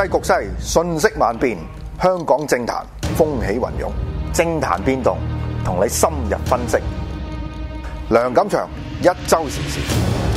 世界局勢，瞬息萬變，香港政壇風起雲湧，政壇變動，同你深入分析。梁錦祥，一周時事。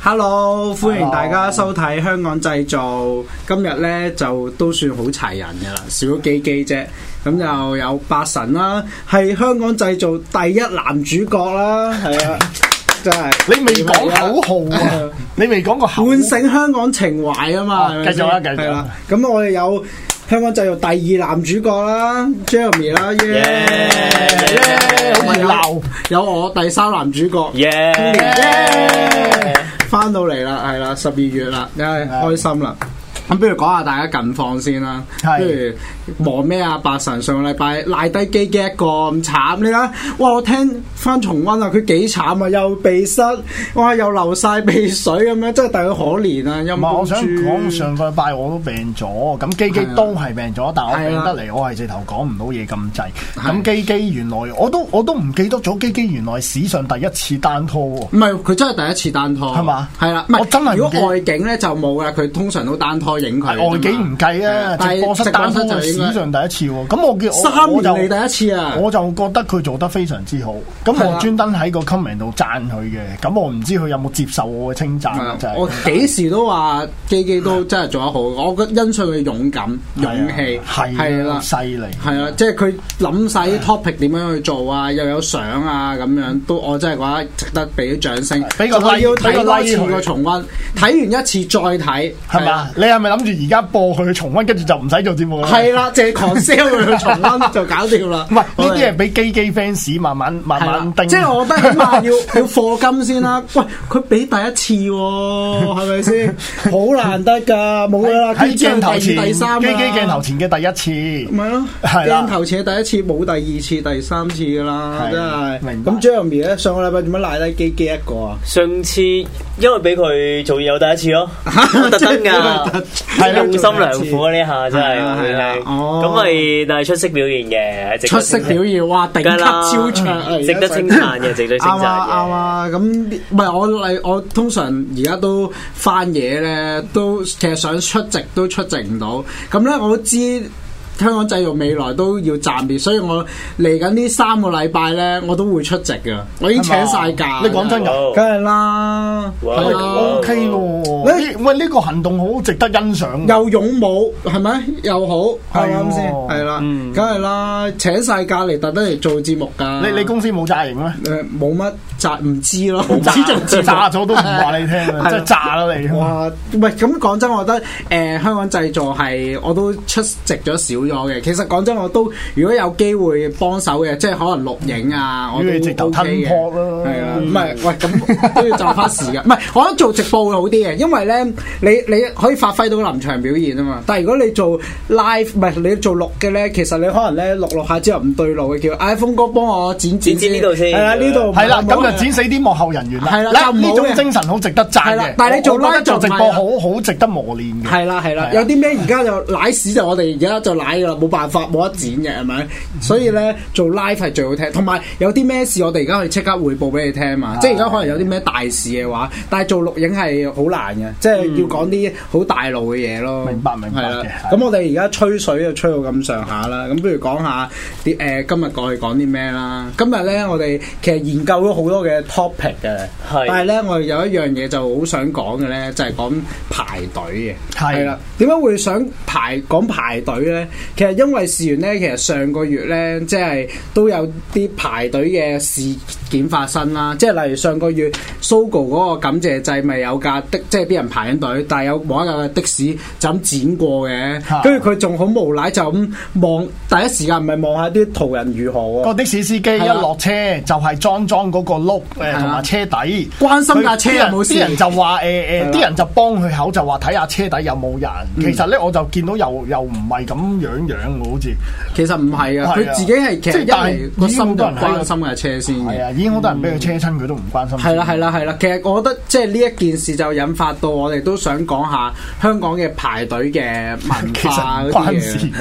Hello，歡迎大家收睇香港製造。今日呢，就都算好齊人噶啦，少咗幾幾啫。咁就有八神啦，係香港製造第一男主角啦，係啊，真係。你未講口號啊？你未講過喚醒香港情懷啊嘛？繼續啊，繼續。係啦，咁我哋有香港製造第二男主角啦，Jeremy 啦，耶！好熱鬧，有我第三男主角，耶！翻到嚟啦，係啦，十二月啦，你係、哎哎、開心啦。咁不如講下大家近況先啦，譬是如望咩啊？八神上個禮拜賴低基基一個咁慘，你睇哇！我聽翻重温啊，佢幾慘啊，又鼻塞，哇又流晒鼻水咁、啊、樣，真係戥佢可憐啊！唔係，我想講上個禮拜我都病咗，咁基基都係病咗，啊、但係我病得嚟、啊、我係直頭講唔到嘢咁滯。咁基基原來、啊、我都我都唔記得咗，基基原來史上第一次單拖喎、啊。唔係，佢真係第一次單拖。係嘛嗎？係啦、啊，唔係。我如果外景咧就冇啦，佢通常都單拖。係外景唔計啊！直播室單身就史上第一次喎。咁我見三年嚟第一次啊！我就覺得佢做得非常之好。咁我專登喺個 comment 度讚佢嘅。咁我唔知佢有冇接受我嘅稱讚。我幾時都話基基都真係做得好。我覺得欣賞佢勇敢、勇氣，係啦，犀利，係啦。即係佢諗晒啲 topic 點樣去做啊？又有相啊咁樣都，我真係覺得值得俾啲掌聲。比較要睇多次過重温，睇完一次再睇，係嘛？你係咪？諗住而家播佢去重溫，跟住就唔使做節目啦。係啦，就狂 sell 佢去重溫就搞掂啦。喂，呢啲係俾機機 fans 慢慢慢慢定。即係我覺得起碼要要課金先啦。喂，佢俾第一次係咪先？好難得噶，冇啦。喺鏡頭前，第機機鏡頭前嘅第一次，咪咯，係啦，鏡頭前嘅第一次冇第二次、第三次噶啦，真係。明白。咁 Jeremy 咧，上個禮拜點解賴低機機一個啊？上次。因為俾佢做，仲有第一次咯，特登㗎，係用 心良苦係啊，係啊！呢下真係，咁咪但係出色表現嘅，出色表現，哇！頂級超唱，值得稱讚嘅，值得稱讚嘅。啱啊啱啊，咁唔係我嚟，我通常而家都翻嘢咧，都其實想出席都出席唔到，咁咧我知，香港製造未來都要暫別，所以我嚟緊呢三個禮拜咧，我都會出席嘅。我已經請晒假。你講真㗎，梗係啦，係啊，OK 喎。喂，呢個行動好值得欣賞，又勇武係咪又好？係啱先，係啦，梗係啦，請晒假嚟特登嚟做節目㗎。你你公司冇贊營咩？冇乜贊，唔知咯。炸咗都唔話你聽，真係炸咗你。哇！唔係咁講真，我覺得誒香港製造係我都出席咗少。其實講真，我都如果有機會幫手嘅，即係可能錄影啊，我都要直播咯，係啊，唔係，喂，咁都要就花時嘅，唔係，我覺得做直播會好啲嘅，因為咧，你你可以發揮到臨場表現啊嘛。但係如果你做 live，唔係你做錄嘅咧，其實你可能咧錄錄下之後唔對路嘅，叫 iPhone 哥幫我剪剪呢度先，係啦，呢度係啦，咁就剪死啲幕後人員，係啦，呢種精神好值得讚嘅。但係你做呢一場直播，好好值得磨練嘅。係啦，係啦，有啲咩而家就奶屎就我哋而家就奶。冇辦法，冇得剪嘅係咪？是是嗯、所以咧做 live 係最好聽，同埋有啲咩事我哋而家可以即刻匯報俾你聽嘛。嗯、即係而家可能有啲咩大事嘅話，但係做錄影係好難嘅，即係要講啲好大路嘅嘢咯、嗯。明白，明白嘅。咁的的我哋而家吹水就吹到咁上下啦。咁不如講下啲誒今日過去講啲咩啦？今日咧我哋其實研究咗好多嘅 topic 嘅的，但係咧我哋有一樣嘢就好想講嘅咧，就係、是、講排隊嘅。係啦的，點解的會想排講排隊咧？其實因為事緣咧，其實上個月咧，即係都有啲排隊嘅事件發生啦。即係例如上個月 Sogo 嗰個感謝祭，咪有架的，即係啲人排緊隊，但係有某一架的士就咁剪過嘅，跟住佢仲好無賴就咁望，是啊、第一時間唔係望下啲途人如何喎。個的士司機一落車對了 就係裝裝嗰個轆同埋車底，了關心架車有冇？啲 人 Right. 就話誒誒，啲人就幫佢口就話睇下車底有冇人。其實咧，我就見到又又唔係咁樣。點樣？我好似其實唔係啊，佢自己係其實因為個心都唔關心嘅車先係啊，已經好多人俾佢車親，佢都唔關心。係啦，係啦，係啦。其實我覺得即係呢一件事就引發到我哋都想講下香港嘅排隊嘅文化嗰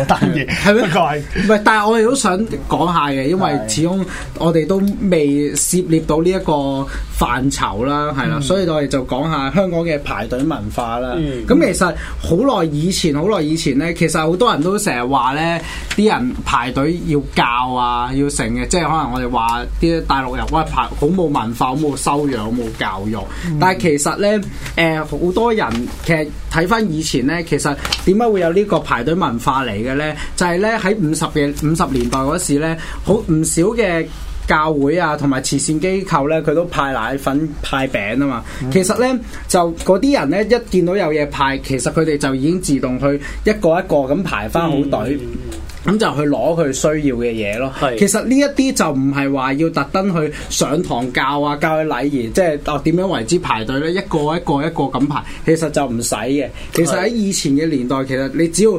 單嘢。係咯，唔係，但係我哋都想講下嘅，因為始終我哋都未涉獵到呢一個範疇啦，係啦，所以我哋就講下香港嘅排隊文化啦。咁其實好耐以前，好耐以前咧，其實好多人都成日。話咧，啲人排隊要教啊，要成嘅，即係可能我哋話啲大陸人，喂排好冇文化，好冇修養，好冇教育。但係其實咧，誒、呃、好多人其實睇翻以前咧，其實點解會有呢個排隊文化嚟嘅咧？就係咧喺五十嘅五十年代嗰時咧，好唔少嘅。教會啊，同埋慈善機構咧，佢都派奶粉、派餅啊嘛。嗯、其實咧，就嗰啲人咧，一見到有嘢派，其實佢哋就已經自動去一個一個咁排返好隊，咁、嗯、就去攞佢需要嘅嘢咯。是，其實呢一啲就唔係話要特登去上堂教啊，教佢禮儀，即係哦點樣為之排隊咧？一個一個一個咁排，其實就唔使嘅。其實喺以前嘅年代，其實你只要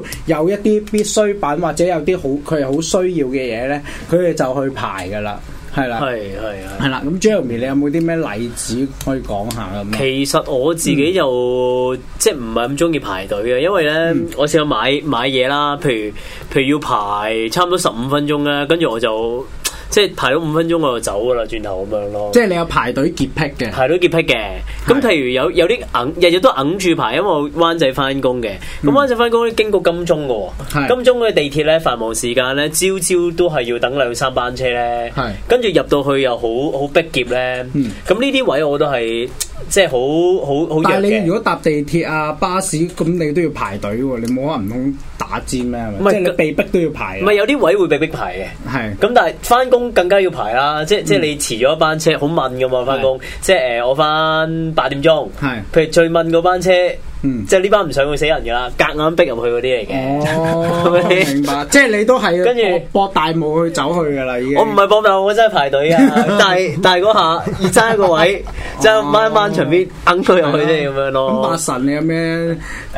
有一啲必需品或者有啲好佢係好需要嘅嘢咧，佢哋就去排㗎啦。係啦，係係啊，係啦。咁 Jeremy，你有冇啲咩例子可以講下咁？其實我自己又、嗯、即係唔係咁中意排隊嘅，因為咧，嗯、我試過買買嘢啦，譬如譬如要排差唔多十五分鐘啦，跟住我就。即係排咗五分鐘我就走噶啦，轉頭咁樣咯。即係你有排隊潔癖嘅，排咯潔癖嘅。咁譬是如有有啲揞日日都揞住排，因為我灣仔翻工嘅。咁、嗯、灣仔翻工咧經過金鐘喎，是金鐘嘅地鐵咧繁忙時間咧朝朝都係要等兩三班車咧。跟住入到去又好好逼夾咧。咁呢啲位我都係。即係好好好熱嘅。但係你如果搭地鐵啊、巴士咁，你都要排隊喎、啊。你冇可能唔通打尖咩？唔係不即係被逼都要排、啊。唔係有啲位會被逼排嘅。係。咁但係翻工更加要排啦。即係、嗯、即係你遲咗一班車好悶嘅嘛翻工。是的 即係誒我翻八點鐘。係。是的 譬如最悶嗰班車。即係呢班唔想會死人噶啦，隔硬逼入去嗰啲嚟嘅。哦，明白。即係你都係跟住博大霧去走去噶啦，已經。我唔係博大，我真係排隊啊！但係但係嗰下，爭一個位，就掹一掹旁邊等佢入去啫，咁樣咯。咁八神，你有咩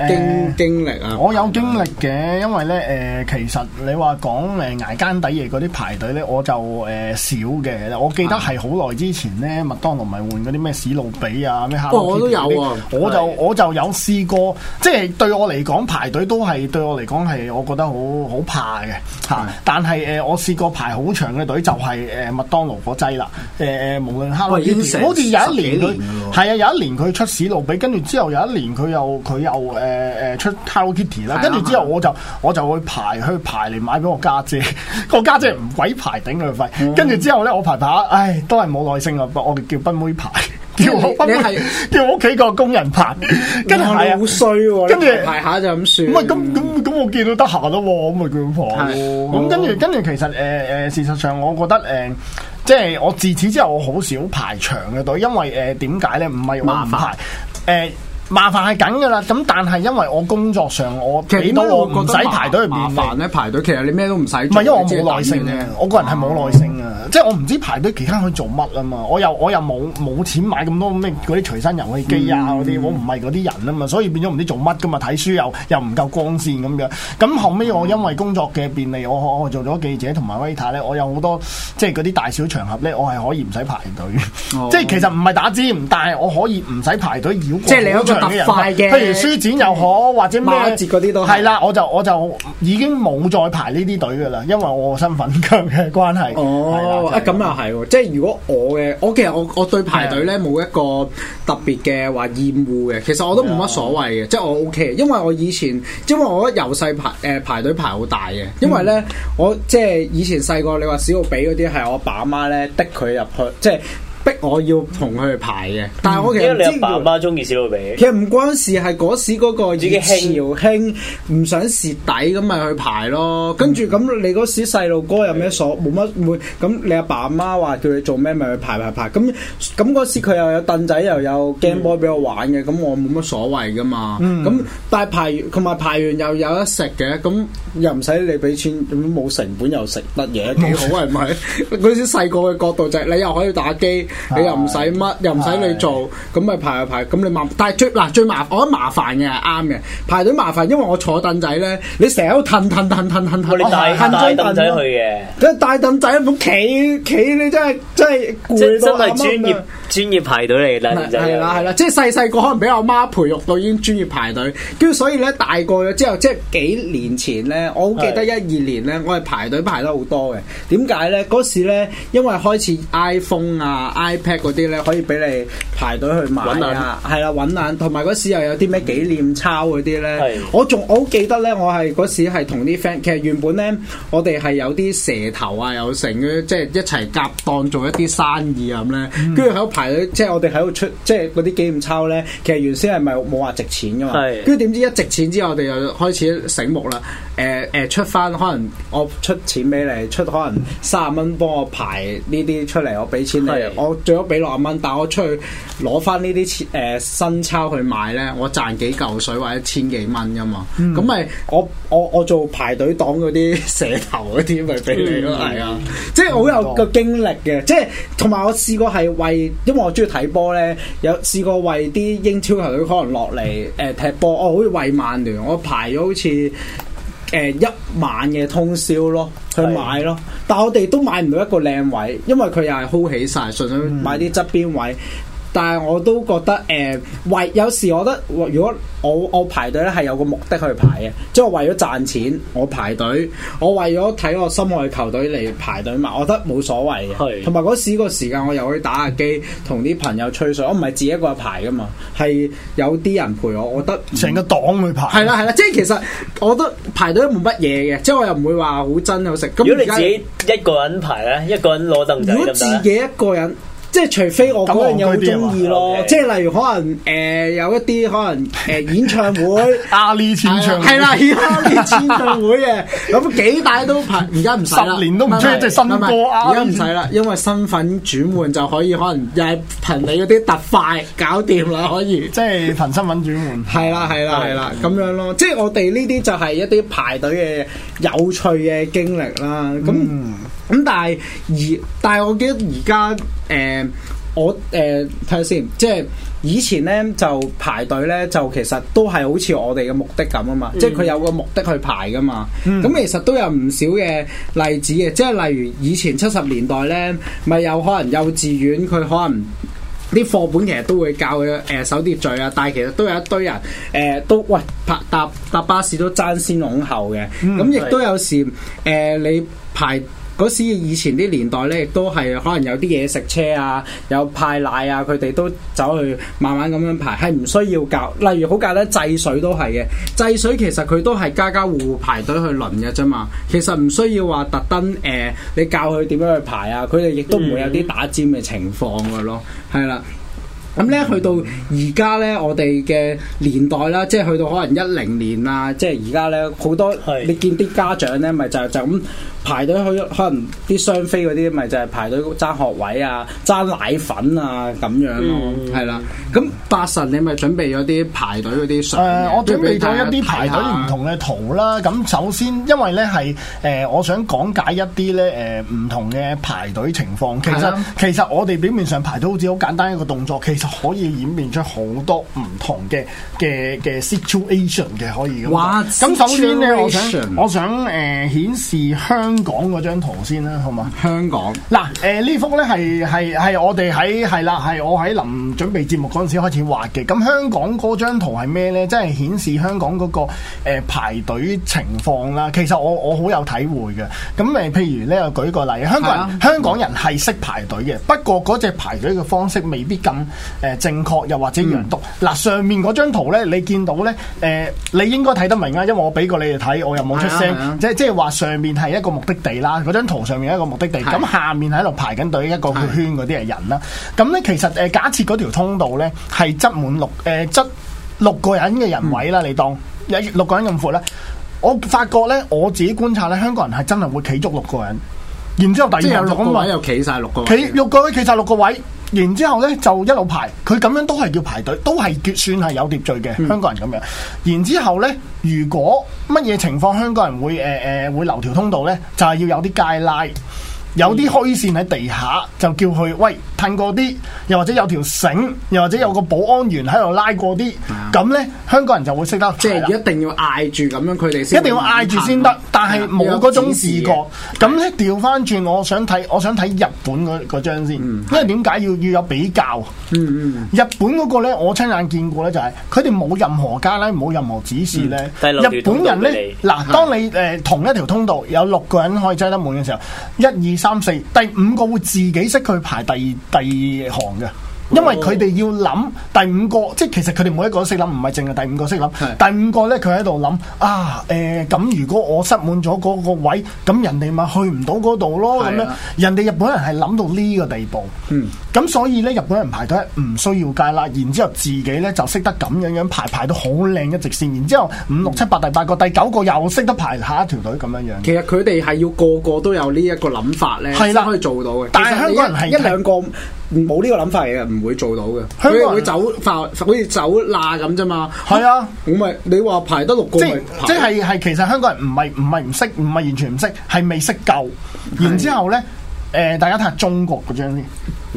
經經歷啊？我有經歷嘅，因為咧，誒，其實你話講誒挨奸底嘢嗰啲排隊咧，我就誒少嘅。我記得係好耐之前咧，麥當勞咪換嗰啲咩史努比啊，咩蝦。哦，我都有喎。我就我就有。試過，即係對我嚟講，排隊都係對我嚟講係，我覺得好好怕嘅嚇。嗯、但係誒、呃，我試過排好長嘅隊，就係、是、誒、呃、麥當勞火雞啦。誒、呃、無論 Hello Kitty，喂好似有一年佢係啊，有一年佢出史努比，跟住之後有一年佢又佢又誒誒出 Hello Kitty 啦、嗯。跟住之後我就、嗯、我就去排去排嚟買俾我家姐、姐， 我家姐唔鬼排頂佢費。跟住之後咧，我排排，唉，都係冇耐性啊！我哋叫賓妹排。 叫我翻翻唔係叫我屋企個工人排，跟住你好衰，跟住排，排下就咁算。咁啊咁咁咁，我見到得閒啦，咁咪叫佢排咯。咁跟住跟住，其實誒誒、呃，事實上我覺得誒、呃，即係我自此之後我好少排長嘅隊，因為誒點解咧？唔係話唔排誒。麻煩係緊噶啦，咁但係因為我工作上我俾多，唔使排隊係麻煩咧。排隊其實你咩都唔使。唔係因為我冇耐性嘅，我個人係冇耐性啊。即係我唔知排隊其他去做乜啊嘛。我又我又冇冇錢買咁多咩嗰啲隨身遊戲機啊嗰啲，嗯、我唔係嗰啲人啊嘛，所以變咗唔知做乜噶嘛。睇書又又唔夠光線咁樣。咁後尾，我因為工作嘅便利，嗯、我我做咗記者同埋 waiter 咧，我有好多即係嗰啲大小場合咧，我係可以唔使排隊。嗯、 即係其實唔係打尖，但係我可以唔使排隊繞過。快嘅，譬如書展又好，嗯、或者咩買嗰啲都係啦。我就我就已經冇再排呢啲隊嘅啦，因為我身份強嘅關係。哦，咁又係，即係如果我嘅，我其實我我對排隊咧冇的一個特別嘅話厭惡嘅，其實我都冇乜所謂嘅，的即係我 OK。因為我以前，因為我覺得由細排誒排隊排好大嘅，因為咧、嗯、我即係以前細個，你話小學比嗰啲係我爸阿媽咧，逼佢入去即係。逼我要同佢去排嘅，但係我其實唔知因為你阿爸阿媽中意小老味，其實唔關事，係嗰時嗰個已經潮興唔想蝕底咁咪去排咯。跟住咁你嗰時細路哥有咩所冇乜，咁你阿爸阿媽話叫你做咩咪去排排排。咁咁嗰時佢又有凳仔、嗯、又有 gameboy 俾我玩嘅，咁我冇乜所謂噶嘛。咁、嗯、但係排同埋排完又有得食嘅，咁又唔使你俾錢，咁冇成本又食乜嘢，幾好係咪？嗰 時細個嘅角度就係你又可以打機。你又唔使乜，又唔使你做，咁咪排下排，咁你麻，但係最嗱最麻，我覺得麻煩嘅係啱嘅，排隊麻煩，因為我坐凳仔咧，你成日喺度騰騰騰騰騰騰，你帶帶凳仔去嘅，即你帶凳仔唔企企，你真係真係攰到阿媽。即係真係專業專業排隊嚟啦，係啦係啦，即係細細個可能俾我媽培育到已經專業排隊，跟住所以咧大個咗之後，即係幾年前咧，我好記得一二年咧，我係排隊排得好多嘅，點解咧？嗰時咧，因為開始 iPhone 啊。iPad 嗰啲咧可以俾你排隊去買啊，係啦，穩眼，同埋嗰時又有啲咩紀念鈔嗰啲咧，我仲好記得咧，我係嗰時係同啲 friend，其實原本咧我哋係有啲蛇頭啊，有成嘅，即係一齊夾檔做一啲生意咁咧，跟住喺度排隊，嗯、即係我哋喺度出，即係嗰啲紀念鈔咧，其實原先係咪冇話值錢噶嘛，跟住點知一值錢之後，我哋又開始醒目啦，誒、呃、誒、呃、出翻，可能我出錢俾你，出可能卅蚊幫我排呢啲出嚟，我俾錢給你，的我最多俾六十蚊，但係我出去攞翻呢啲錢誒新鈔去買咧，我賺幾嚿水或者千幾蚊噶嘛，咁咪、嗯、我我我做排隊黨嗰啲蛇頭嗰啲咪俾你咯，係、嗯、啊，即係好有個經歷嘅，嗯、即係同埋我試過係為，因為我中意睇波咧，有試過為啲英超球隊可能落嚟誒踢波，我好似為曼聯，我排咗好似誒、呃、一晚嘅通宵咯。去買咯，但係我哋都買唔到一個靚位，因為佢又係 hold 起晒，純粹買啲側邊位。但係我都覺得，誒、欸，為有時我覺得，如果我我排隊咧係有個目的去排嘅，即係我為咗賺錢，我排隊，我為咗睇我心愛嘅球隊嚟排隊嘛，我覺得冇所謂嘅。係，同埋嗰時個時間我又去打下機，同啲朋友吹水，我唔係自己一個排噶嘛，係有啲人陪我，我覺得成個黨去排。係啦係啦，即係其實我覺得，排隊都冇乜嘢嘅，即係我又唔會話好真好食。咁如果你自己一個人排咧， 一個人攞凳仔如果自己一個人。 即係除非我個人好中意咯，即係例如可能誒，有一啲可能誒演唱會，阿 Lee 簽唱，係啦，阿 Lee 簽唱會嘅，咁幾大都排，而家唔使啦，年都唔出一隻新歌啊，而家唔使啦，因為身份轉換就可以可能又係憑你嗰啲特快搞掂啦，可以即係憑身份轉換。係啦係啦係啦，咁樣咯，即係我哋呢啲就係一啲排隊嘅有趣嘅經歷啦，咁。咁但係而但係我記得而家誒我誒睇下先，即係以前咧就排隊咧，就其實都係好似我哋嘅目的咁啊嘛，即係佢有個目的去排㗎嘛。咁其實都有唔少嘅例子嘅，即係例如以前七十年代咧，咪有可能幼稚園佢可能啲課本其實都會教佢誒守秩序啊，但係其實都有一堆人誒都喂搭搭搭巴士都爭先恐後嘅。咁亦都有時誒你排。嗰時以前啲年代咧，亦都係可能有啲嘢食車啊，有派奶啊，佢哋都走去慢慢咁樣排，係唔需要教。例如好簡單，制水都係嘅。制水其實佢都係家家戶戶排隊去輪嘅啫嘛。其實唔需要話特登誒，你教佢點樣去排啊。佢哋亦都唔會有啲打尖嘅情況嘅咯。係啦。咁咧去到而家咧，我哋嘅年代啦，即係去到可能一零年啊，即係而家咧好多，係你見啲家長咧咪就係、是、就咁排隊去，可能啲雙飛啲咪就係排隊爭學位啊、爭奶粉啊咁樣咯，係、嗯、啦。咁八神你咪準備咗啲排隊嗰啲相，誒我準備咗一啲排隊唔同嘅圖啦。咁看首先，因為咧係誒我想講解一啲咧誒唔同嘅排隊情況，其實是、啊、其實我哋表面上排隊好似好簡單一個動作，其實就可以演變出好多唔同嘅嘅嘅 situation 嘅可以咁。咁 What situation? 首先呢，我想我想誒顯示香港嗰張圖先嗎港啦，好、呃、嘛？香港嗱誒呢幅咧係係係我哋喺係啦係我喺臨準備節目嗰陣時開始畫嘅。咁香港嗰張圖係咩咧？即係顯示香港嗰、嗰個、呃、排隊情況啦。其實我我好有體會嘅。咁誒，譬如咧，我舉個例，香港人、啊、香港人係識排隊嘅，嗯、不過嗰隻排隊嘅方式未必咁。誒，正確又或者擁堵嗱，嗯、上面嗰張圖咧，你見到咧，誒，你應該睇得明啊，因為我俾過你哋睇，我又冇出聲，即係即係話上面係一個目的地啦，嗰張圖上面一個目的地，咁的下面喺度排緊隊一,一個圈嗰啲係人啦，咁咧的其實誒，假設嗰條通道咧係側滿六誒，側、呃、六個人嘅人位啦，嗯、你當有六個人咁闊咧，我發覺咧我自己觀察咧，香港人係真係會企足六個人，然之後第二組位又企晒六個，企六個位企晒六,六,六個位。然之後呢，就一路排，佢咁樣都係叫排隊，都係算係有秩序嘅、嗯、香港人咁樣。然之後呢，如果乜嘢情況香港人會誒誒、呃、會留條通道呢，就係要有啲界拉。有啲虛線喺地下，就叫佢喂褪過啲，又或者有條繩，又或者有個保安員喺度拉過啲。咁呢，香港人就會識得。即係一定要嗌住咁樣，佢哋一定要嗌住先得。但係冇嗰種視覺。咁呢，調翻轉，我想睇我想睇日本嗰張先。因為點解要要有比較？日本嗰個呢，我親眼見過呢，就係佢哋冇任何加拉，冇任何指示呢。日本人呢，嗱，當你誒同一條通道有六個人可以擠得滿嘅時候，一二，三四第五個會自己識佢排第二，第二行嘅，因為佢哋要諗第五個，即係其實佢哋每一個都識諗，唔係淨係第五個識諗。是的 第五個呢，佢喺度諗啊，誒、呃、咁如果我塞滿咗嗰個位，咁人哋咪去唔到嗰度咯。咁是的 樣。人哋日本人係諗到呢個地步。嗯。咁所以咧，日本人排隊唔需要戒啦，然之後自己咧就識得咁樣樣排，排到好靚嘅直線，然之後五六七八第八個第九個又識得排下一條隊咁樣樣。其實佢哋係要個個都有個呢一個諗法咧，係啦的可以做到嘅。但係其一香港人係一兩個冇呢個諗法嚟嘅，唔會做到嘅。香港人會走爆，好似走罅咁啫嘛。係的啊，我咪你話排得六個即係係其實香港人唔係唔係唔識，唔係完全唔識，係未識夠。然之後咧。 誒哇、呃，大家睇下中國嗰張先。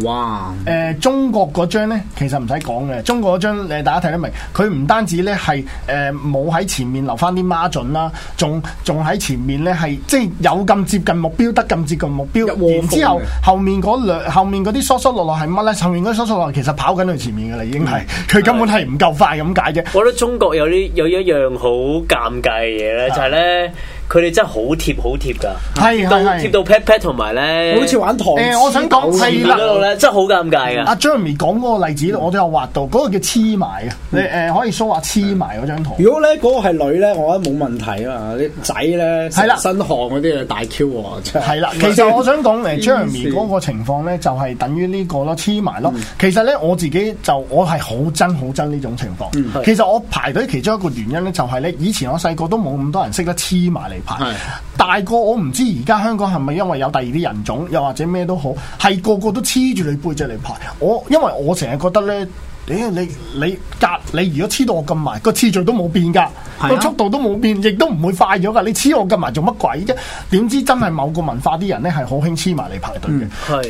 哇！誒，中國嗰張咧，其實唔使講嘅。中國嗰張大家睇得明。佢唔單止咧係誒，冇、呃、喺前面留返啲 margin 啦，仲仲喺前面咧係即係有咁接近目標，得咁接近目標。然諷之後，後面嗰兩，後面嗰啲疏疏落落係乜咧？後面嗰啲疏疏落落其實跑緊去前面噶啦，已經係佢根本係唔夠快咁解啫。我覺得中國有啲有一樣好尷尬嘅嘢咧，就係咧。的佢哋真係好貼好貼噶，係係係貼到 pat pat 同埋咧，好似玩糖，誒，我想講係啦，真係好尷尬噶。阿 Jeremy 講嗰個例子，我都有畫到，嗰個叫黐埋噶，你誒可以 show 下黐埋嗰張圖。如果咧嗰個係女咧，我覺得冇問題啊，啲仔咧係啦，身汗嗰啲大 Q 喎，真係。係啦，其實我想講誒，Jeremy 嗰個情況咧，就係等於呢個咯，黐埋咯。其實咧我自己就我係好憎、好憎呢種情況。其實我排隊其中一個原因咧，就係咧，以前我細個都冇咁多人識得黐埋。嚟排， 大個我唔知而家香港係咪因為有第二啲人種，又或者咩都好，係個個都黐住你背脊嚟排。我因為我成日覺得咧，咦你你，你隔你如果黐到我咁埋，個次序都冇變噶，個、啊、速度都冇變，亦都唔會快咗噶。你黐我咁埋做乜鬼啫？點知真係某個文化啲人咧係好興黐埋嚟排隊嘅。誒誒、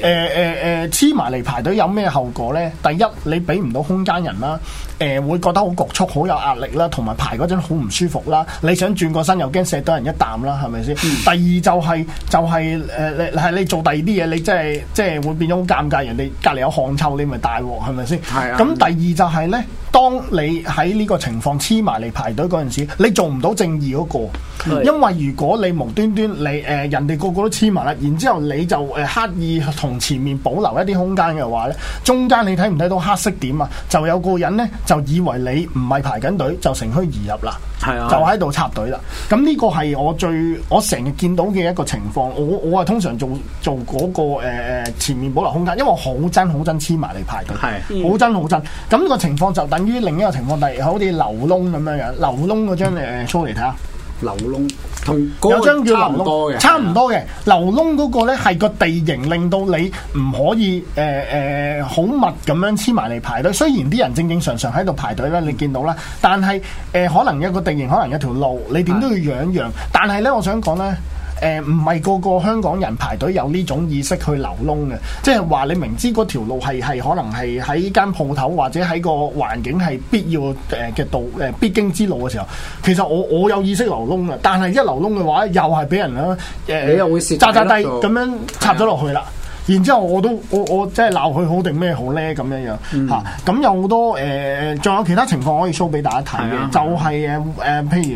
嗯，黐埋嚟排隊有咩後果咧？第一，你俾唔到空間人啦。誒，會覺得好局促，好有壓力啦，同埋排嗰陣好唔舒服啦。你想轉個身又驚錫到人一啖啦，係咪先？嗯、第二就係、是、就係、是、誒、係、呃、你做第二啲嘢，你真係即係會變咗好尷尬，人哋隔籬有汗臭，你咪大鑊，係咪先？係是啊。咁第二就係咧，當你喺呢個情況黐埋嚟排隊嗰陣時，你做唔到正義嗰、那個，因為如果你無端端你誒、呃、人哋個個都黐埋啦，然之後你就誒刻意同前面保留一啲空間嘅話呢，中間你睇唔睇到黑色點啊？就有個人呢，就以為你唔係排緊隊，就乘虛而入啦，是啊、就喺度插隊啦。咁呢個係我最我成日見到嘅一個情況。我我係通常做做嗰、那個誒、呃、前面保留空間，因為我好憎、好憎黐埋嚟排隊，好憎是、啊、好憎咁個情況就等。於另一個情況，例如好似流窿咁樣樣，流窿嗰張誒 show 嚟睇下。流窿同有張叫流窿，差唔多嘅。多是啊、流窿嗰個呢，係個地形令到你唔可以誒誒好密咁樣黐埋嚟排隊。雖然啲人正正常常喺度排隊呢，你見到啦。但係誒、呃，可能一個地形，可能一條路，你點都要讓讓。是啊、但係呢，我想講呢。誒，唔係個個香港人排隊有呢種意識去流窿嘅，即係話你明知嗰條路係係可能係喺間鋪頭或者喺個環境係必要誒嘅道誒必經之路嘅時候，其實我我有意識流窿嘅，但係一流窿嘅話，又係俾人咧誒，你又會詐詐諦，咁樣插咗落去啦。然之後我都我我即係鬧佢好定咩好咧咁樣樣嚇。咁有好多誒，仲有其他情況可以 show 俾大家睇嘅，就係誒誒，譬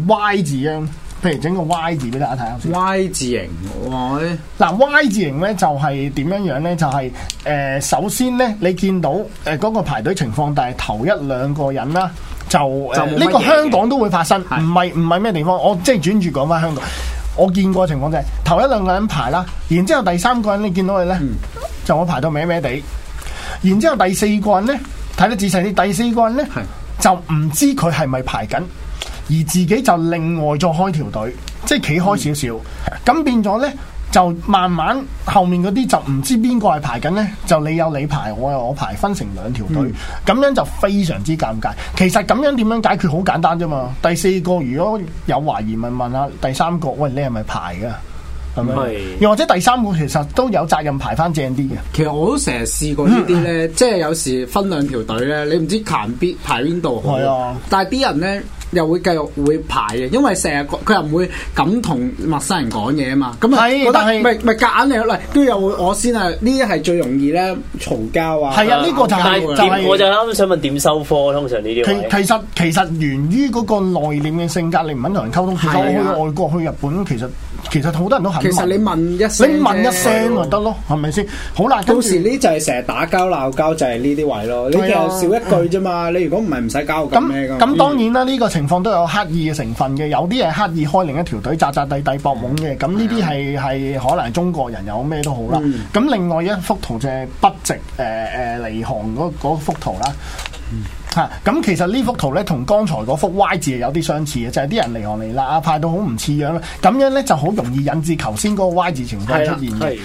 如係 Y 字啊。譬如整個 Y 字俾大家睇下，Y 字型，嗱 Y 字型咧就係點樣樣咧就係誒，首先咧你見到誒嗰個排隊情況，但係頭一兩個人啦就呢個香港都會發生，唔係唔係咩地方，是的 我即係轉住講翻香港，我見過情況就係頭一兩個人排啦，然之後第三個人你見到佢咧就我排到歪歪地，然之後第四個人咧睇得仔細啲，第四個人咧就唔知佢係咪排緊。的而自己就另外再開條隊，即係企開少少，咁、嗯、變咗呢，就慢慢後面嗰啲就唔知邊個係排緊呢。就你有你排，我有我排，分成兩條隊，咁、嗯、樣就非常之尷尬。其實咁樣點樣解決好簡單啫嘛。第四個如果有懷疑咪問下第三個，喂，你係咪排噶？係咪？又不是 或者第三個其實都有責任排翻正啲嘅。其實我都成日試過呢啲呢，嗯、即係有時分兩條隊呢，你唔知攤邊排邊度好。係啊，但係啲人呢。又會繼續會排嘅，因為成日佢又唔會咁同陌生人講嘢啊嘛，咁覺得咪咪夾硬嚟，都又我先啊，呢啲係最容易咧嘈交啊，係啊，呢個就係就我就啱想問點收科？通常呢啲，其其實其實源於嗰個內斂嘅性格，你唔肯同人溝通，我去外國去日本，其實其實好多人都肯，其實你問一，你問一聲咪得咯，係咪先？好啦，到時呢就係成日打交鬧交，就係呢啲位咯，你又少一句咋嘛？你如果唔係唔使交咁咩咁，咁咁當然啦，呢個。情況都有刻意嘅成分嘅，有啲係刻意開另一條隊扎扎地地搏懵嘅，咁呢啲係係可能中國人有咩都好啦。咁另外一幅圖就係北極誒誒離航嗰、那個、幅圖啦。嗯嚇，咁其實呢幅圖咧，同剛才嗰幅 Y 字有啲相似嘅，就係、是、啲人嚟我嚟啦，排到好唔似樣啦，咁樣咧就好容易引致頭先嗰個 Y 字情況出現嘅。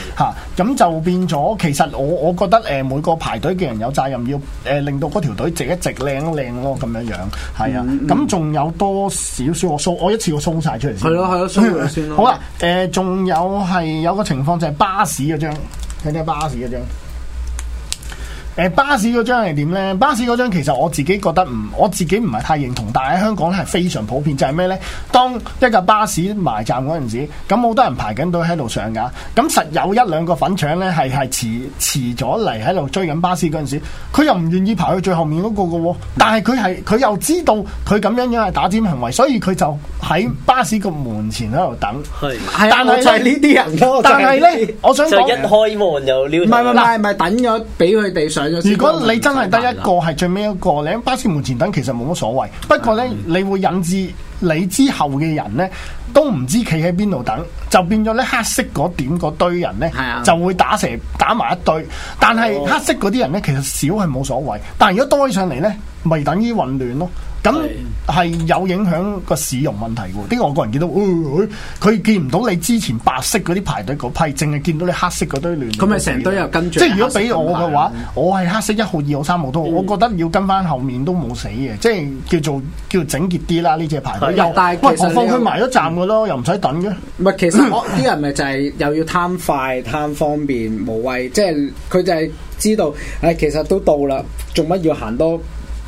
咁就變咗，其實我我覺得誒每個排隊嘅人有責任要誒令到嗰條隊直一直靚一靚咯，咁樣、嗯、樣係啊。咁仲有多少少？我掃，我一次過掃晒出嚟先。係咯係咯，先好啦，誒仲有係有個情況就係巴士嗰張，睇睇巴士嗰張。巴士嗰張係點呢？巴士嗰張其實我自己覺得唔，我自己唔係太認同，但係香港係非常普遍，就係、是、咩呢？當一架巴士埋站嗰陣時，咁好多人排緊隊喺度上噶，咁實有一兩個粉腸呢，係係遲遲咗嚟喺度追緊巴士嗰陣時，佢又唔願意排去最後面嗰個喎，但係佢係佢又知道佢咁樣樣係打尖行為，所以佢就喺巴士個門前喺度等。的但係是就係呢啲人但係呢，我想講一開門就撩了，唔係唔係等咗俾佢哋上。如果你真係得一個係最尾一個，你喺巴士門前等其實冇乜所謂。不過呢，你會引致你之後嘅人呢都唔知企喺邊度等，就變咗呢黑色嗰點嗰堆人呢就會打蛇打埋一堆。但係黑色嗰啲人呢其實少係冇所謂，但係如果多起上嚟呢，咪等於混亂囉。咁係有影響個市容問題喎？啲外國人見到，佢、呃、見唔到你之前白色嗰啲排隊嗰批，淨係見到你黑色嗰堆亂。咁咪成堆又跟住？即係如果俾我嘅話，我係黑色一號、二號、三號都好，嗯、我覺得要跟翻後面都冇死嘅，即係叫做叫做整潔啲啦。呢隻排隊對又，但係其實放佢埋咗站嘅咯，嗯、又唔使等嘅。唔其實啲我 人咪就係又要貪快、貪方便、無謂，即係佢就係知道，唉，其實都到啦，做乜要行多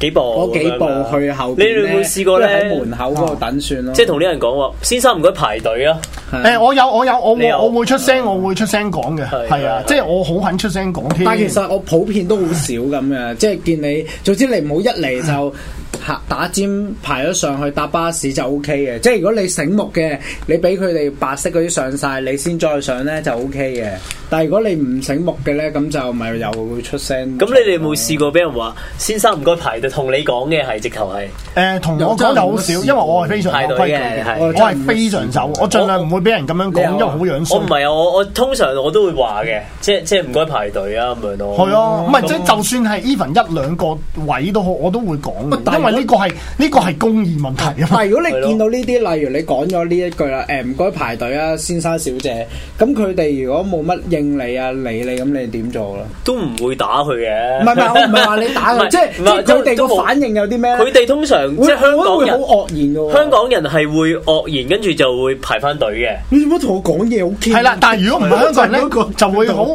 幾步？幾步去後？你哋有冇試過咧？門口嗰度等算咯。即係同啲人講：話先生唔該排隊啊！誒，我有，我有，我我會出聲，我會出聲講嘅。係啊，即係我好肯出聲講但係其實我普遍都好少咁嘅，即係見你，總之你唔好一嚟就打尖排咗上去搭巴士就 O K 嘅。即係如果你醒目嘅，你俾佢哋白色嗰啲上晒，你先再上咧就 O K 嘅。但係如果你唔醒目嘅咧，咁就咪又會出聲。咁你哋有冇試過俾人話先生唔該排隊？同你講嘅係，直頭係誒，同我講就好少，因為我係非常排隊嘅，我係非常走，我盡量唔會俾人咁樣講，因為好樣衰。我唔係，我我通常我都會話嘅，即係即係唔該排隊啊，咁樣咯。係啊，唔係即係就算係 even 一兩個位都好，我都會講。因為呢個係呢個係公義問題啊嘛。如果你見到呢啲，例如你講咗呢一句啦，誒唔該排隊啊，先生小姐，咁佢哋如果冇乜應你啊理你，咁你點做啦？都唔會打佢嘅。唔係唔係，我唔係話你打佢，即係有地。反應有啲咩？佢哋通常會即係香港人，好愕然，香港人係會愕然，跟住就會排翻隊嘅。你做乜同我講嘢 o k 係啦，但係如果唔係香港人咧，啦就會好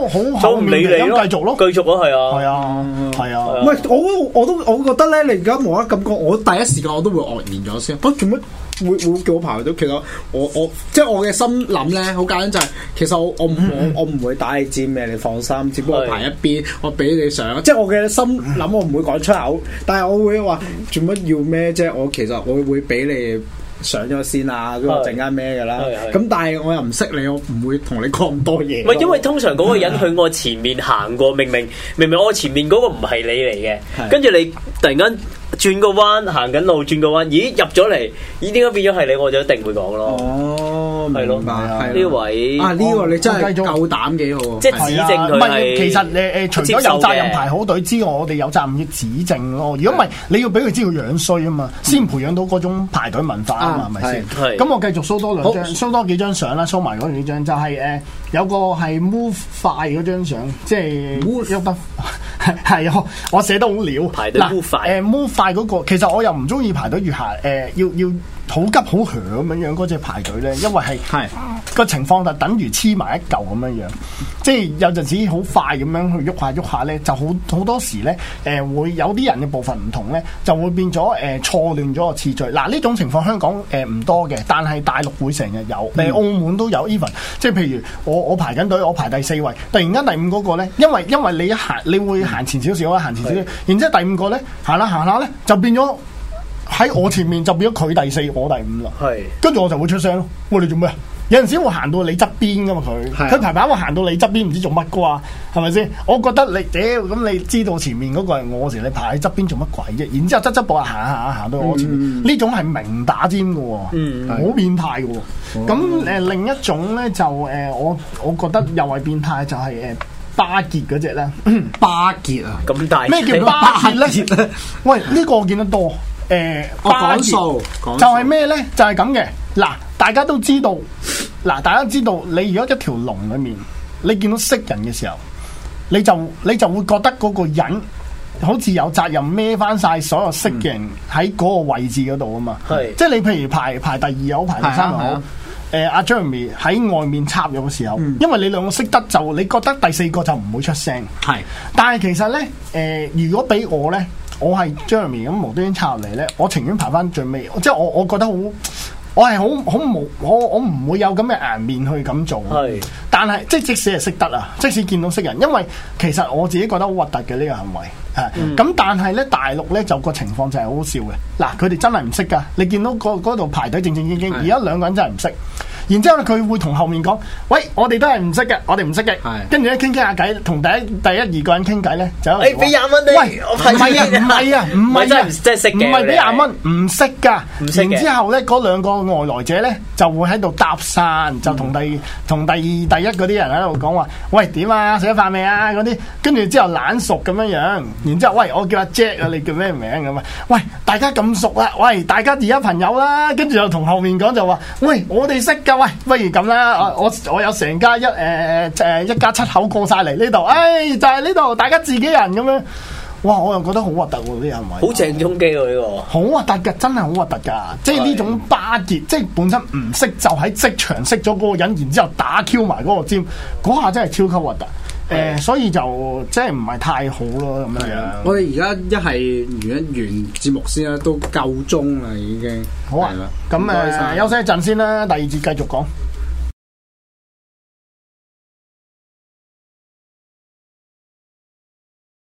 好唔理你咯。繼續咯，係啊，係啊，係啊。喂，我我都我覺得咧，你而家冇乜感講，我第一時間我都會愕然咗先。我做乜？會會叫我排都其實我我即係我嘅心諗咧，好簡單就係、是、其實我我 我我唔會打你尖咩，你放心，只不過我排一邊，我俾你上。即係我嘅心諗，我唔會講出口，但係我會話做乜要咩啫？我其實我會俾你上咗先啦，咁陣間咩噶啦？咁但係我又唔識你，我唔會同你講咁多嘢。唔係因為通常嗰個人去我前面行過， 明明明明我前面嗰個唔係你嚟嘅， 跟住你突然間。轉個彎行緊路，轉個彎，咦，入咗嚟，咦，點解變咗係你？我就一定會講咯。哦，係咯，呢位啊，呢位你真係夠膽嘅，即係指證。唔係，其實你，誒，除咗有責任排好隊之外，我哋有責任要指證咯。如果唔係，你要俾佢知道樣衰啊嘛，先培養到嗰種排隊文化啊嘛，係咪先？咁我繼續收多兩張，收多幾張相啦，收埋嗰兩張就係誒，有個係 move 快嗰張相，即係係啊， 我寫得好潦。排隊嗱，誒，move 快嗰個，其實我又唔中意排隊月下，誒、呃，要要。好急好響咁樣嗰隻排隊呢，因為係 Yes. 個情況就等於黐埋一嚿咁樣樣，即係有陣時好快咁樣去喐下喐下呢，就好好多時呢誒、呃、會有啲人嘅部分唔同呢，就會變咗誒、呃、錯亂咗個次序。嗱呢種情況香港誒唔多嘅，但係大陸會成日有，誒、嗯、澳門都有 even，即係譬如我我排緊隊，我排第四位，突然間第五嗰個呢，因為因為你行，你會行前少少啊，行前少少，嗯、然之後第五個呢，行啦行下呢就變咗，喺我前面就變咗佢第四，我第五啦。係，是的 跟住我就會出聲咯。喂，你做咩是的 啊？有陣時會行到你側邊噶嘛，佢佢排版會行到你側邊，唔知做乜啩？係咪先？我覺得你屌咁，欸、你知道前面嗰個係我時，你排喺側邊做乜鬼啫？然之後側側步啊，行下行下行到我前面，呢、嗯嗯、種係明打尖噶，好、嗯嗯、變態噶。咁誒，另一種咧就誒，我我覺得又係變態，就係、是、誒巴結嗰隻咧，巴結啊！咁大咩叫巴結咧？ 喂，呢、這個我見得多。誒，講數、呃哦、就係咩呢？就係咁嘅。嗱，大家都知道，嗱，大家都知道，你如果一條龍裏面，你見到識人嘅時候，你就你就會覺得嗰個人好似有責任孭翻晒所有識嘅人喺嗰個位置嗰度啊嘛。嗯嗯、即係你譬如排排第二又好，排第三又好。誒、啊，阿、啊啊、Jeremy 喺外面插入嘅時候，嗯、因為你兩個識得就，就你覺得第四個就唔會出聲。係是，但係其實呢，誒、呃，如果俾我呢。我係 Jeremy 咁無端端插入嚟咧，我情願排翻最尾，即係我我覺得好，我係好好冇，我我唔會有咁嘅顏面去咁做。係，係，但係即係即使係識得啊，即使見到識人，因為其實我自己覺得好核突嘅呢個行為啊。咁、嗯、但係咧大陸咧就個情況就係好好笑嘅。嗱，佢哋真係唔識噶，你見到嗰度排隊正正經經，而家兩個人真係唔識。然之後佢會同後面講：喂，我哋都係唔識嘅，我哋唔識嘅。跟住咧傾傾下偈，同第一第一二個人傾偈咧，就俾廿蚊你。喂，唔係啊，唔係啊，唔係啊，唔係真係識嘅。唔係俾廿蚊，唔識㗎。唔識嘅。然之後咧，嗰兩個外來者咧，就會喺度搭訕，就同第同、嗯、第二、第一嗰啲人喺度講話：嗯、喂，點啊？食咗飯未啊？嗰啲。跟住之後懶熟咁樣樣。然之後，喂，我叫阿 Jack 啊，你叫咩名咁啊？喂，大家咁熟啦，喂，大家而家朋友啦。跟住又同後面講就話：喂，我哋識㗎。喂，不如咁啦，我我我有成家一誒誒誒一家七口過晒嚟呢度，誒、哎、就係呢度，大家自己人咁樣，哇！我又覺得好核突喎啲人，係咪好正中機佢、啊、喎，呢個、好核突㗎，真係好核突㗎，即係呢種巴結，即係本身唔識就喺職場識咗嗰個人，然之後打 Q 埋嗰個尖，嗰下真係超級核突。誒、呃，所以就即係唔係太好咯，咁的樣。的我哋而家一係完一完節目先啦，都夠鐘啦已經。好啊，咁誒，休息一陣先啦，第二節繼續講。